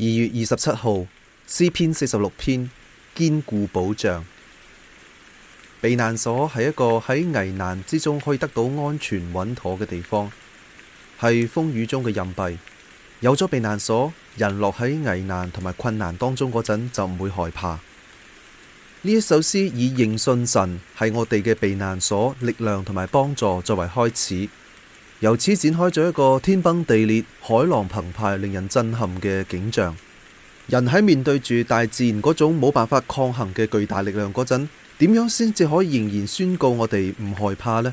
二月二十七號，詩篇四十六篇，堅固保障。避難所係一個喺危難之中可以得到安全穩妥嘅地方，係風雨中嘅蔭庇。有咗避難所，人落喺危難同埋困難當中嗰陣就唔會害怕。呢一首詩以認信神係我哋嘅避難所、力量同埋幫助作為開始。由此展開咗一個天崩地裂、海浪澎湃、令人震撼嘅景象。人喺面對住大自然嗰種冇辦法抗衡嘅巨大力量嗰陣，點樣先至可以仍然宣告我哋唔害怕呢？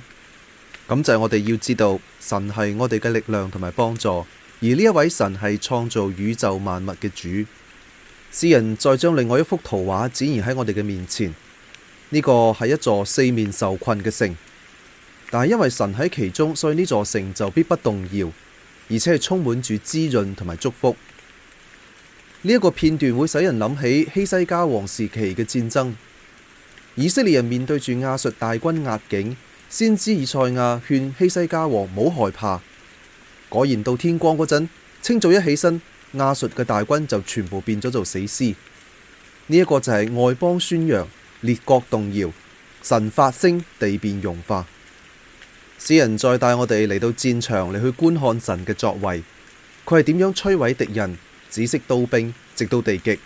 咁就係我哋要知道，神係我哋嘅力量同埋幫助，而呢一位神係創造宇宙萬物嘅主。詩人再將另外一幅圖畫展現喺我哋嘅面前，呢、這個係一座四面受困嘅城。但係因為神喺其中，所以呢座城就必不動搖，而且係充滿住滋潤同埋祝福。呢一個片段會使人諗起希西家王時期嘅戰爭。以色列人面對住亞述大軍壓境，先知以賽亞勸希西家王唔好害怕。果然到天光嗰陣，清早一起身，亞述嘅大軍就全部變咗做死屍。呢一個就係外邦喧嚷，列國動搖，神發聲，地便熔化。詩人再帶我哋嚟到戰場嚟去觀看神嘅作為，佢係點樣摧毀敵人，止息刀兵，直到地極。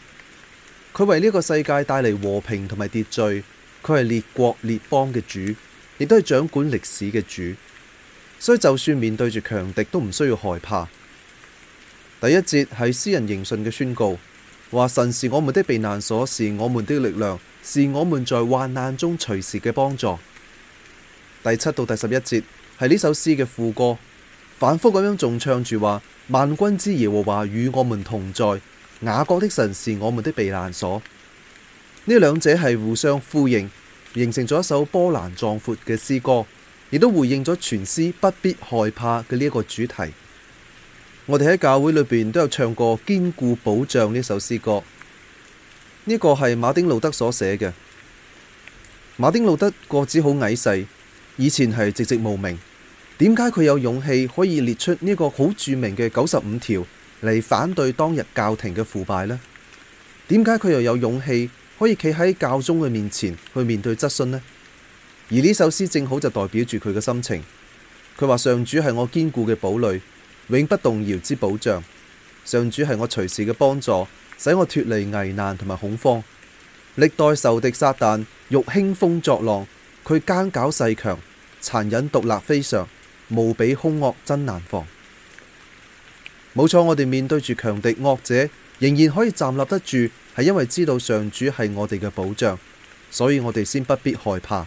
佢為呢個世界帶嚟和平同埋秩序，佢係列國列邦嘅主，亦都係掌管歷史嘅主。所以就算面對住強敵，都唔需要害怕。第一節係詩人認信嘅宣告，話神是我們的避難所，是我們的力量，是我們在患難中隨時嘅幫助。第七到第十一節係呢首詩嘅副歌，反復咁樣重唱住話：萬軍之耶和華與我們同在，雅各的神是我們的避難所。呢兩者係互相呼應，形成咗一首波瀾壯闊嘅詩歌，亦都回應咗全詩不必害怕嘅呢一個主題。我哋喺教會裏邊都有唱過《堅固保障》呢首詩歌，呢個係馬丁路德所寫嘅。馬丁路德個子好矮細。以前係寂寂無名，點解佢有勇氣可以列出呢個好著名嘅九十五條嚟反對當日教廷嘅腐敗呢？點解佢又有勇氣可以企喺教宗嘅面前去面對質詢呢？而呢首詩正好就代表住佢嘅心情。佢話上主係我堅固嘅堡壘，永不動搖之保障。上主係我隨時嘅幫助，使我脫離危難同埋恐慌。歷代仇敵撒旦欲興風作浪，佢奸狡勢強。殘忍、毒辣、非常、無比兇惡，真難防。冇錯，我哋面對住強敵惡者，仍然可以站立得住，係因為知道上主係我哋嘅保障，所以我哋先不必害怕。